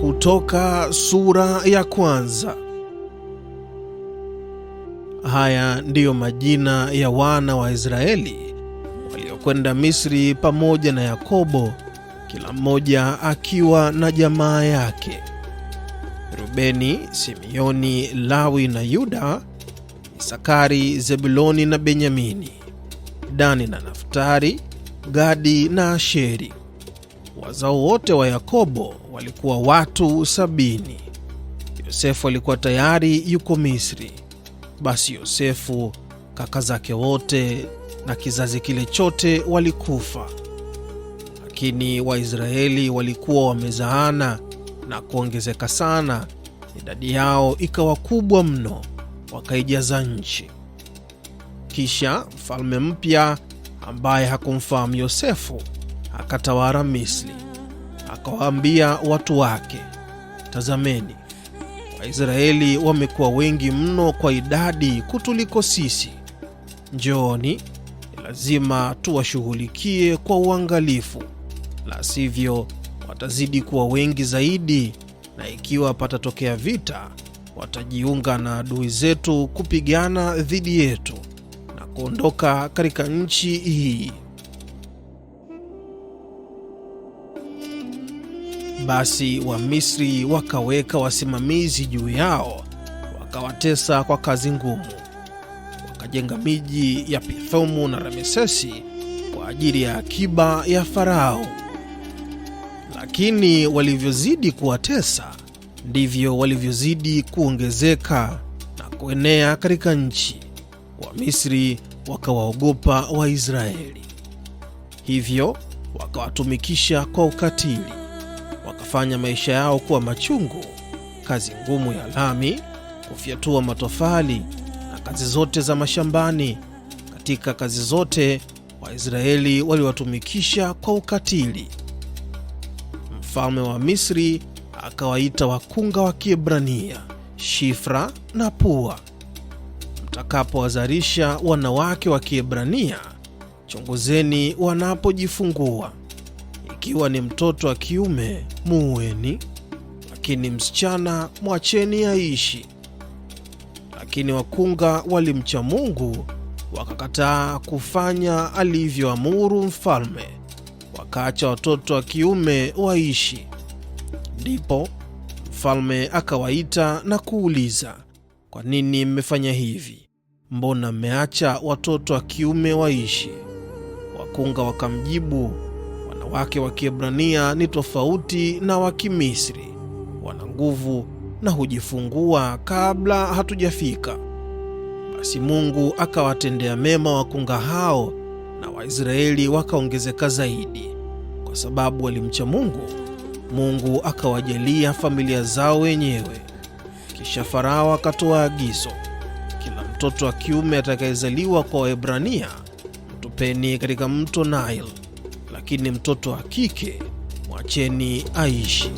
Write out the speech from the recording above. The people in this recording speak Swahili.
Kutoka sura ya kwanza. Haya ndiyo majina ya wana wa Israeli waliokwenda Misri pamoja na Yakobo, kila mmoja akiwa na jamaa yake: Rubeni, Simeoni, Lawi na Yuda, Isakari, Zebuloni na Benyamini, Dani na naftari Gadi na Asheri. Wazao wote wa Yakobo walikuwa watu sabini. Yosefu alikuwa tayari yuko Misri. Basi Yosefu, kaka zake wote na kizazi kile chote walikufa, lakini Waisraeli walikuwa wamezaana na kuongezeka sana, idadi yao ikawa kubwa mno, wakaijaza nchi. Kisha mfalme mpya ambaye hakumfahamu Yosefu akatawara Misri. Akawaambia watu wake, tazameni, Waisraeli wamekuwa wengi mno kwa idadi kutuliko sisi. Njooni, lazima tuwashughulikie kwa uangalifu, la sivyo watazidi kuwa wengi zaidi, na ikiwa patatokea vita, watajiunga na adui zetu kupigana dhidi yetu na kuondoka katika nchi hii. basi Wamisri wakaweka wasimamizi juu yao, wakawatesa kwa kazi ngumu. Wakajenga miji ya Pithomu na Ramesesi kwa ajili ya akiba ya Farao. Lakini walivyozidi kuwatesa ndivyo walivyozidi kuongezeka na kuenea katika nchi. Wamisri wakawaogopa Waisraeli, hivyo wakawatumikisha kwa ukatili kufanya maisha yao kuwa machungu, kazi ngumu ya lami, kufyatua matofali na kazi zote za mashambani. Katika kazi zote Waisraeli waliwatumikisha kwa ukatili. Mfalme wa Misri akawaita wakunga wa Kiebrania Shifra na Pua. Mtakapowazalisha wanawake wa Kiebrania, chunguzeni wanapojifungua. Akiwa ni mtoto wa kiume muueni lakini msichana mwacheni aishi. Lakini wakunga walimcha Mungu, wakakataa kufanya alivyoamuru mfalme, wakaacha watoto wa kiume waishi. Ndipo mfalme akawaita na kuuliza, kwa nini mmefanya hivi? Mbona mmeacha watoto wa kiume waishi? Wakunga wakamjibu Wanawake wa Kiebrania ni tofauti na wa Kimisri, wana nguvu na hujifungua kabla hatujafika. Basi Mungu akawatendea mema wakunga hao, na Waisraeli wakaongezeka zaidi, kwa sababu walimcha Mungu. Mungu akawajalia familia zao wenyewe. Kisha Farao akatoa agizo, kila mtoto wa kiume atakayezaliwa kwa Waebrania mtupeni katika mto Nile lakini ni mtoto wa kike, mwacheni aishi.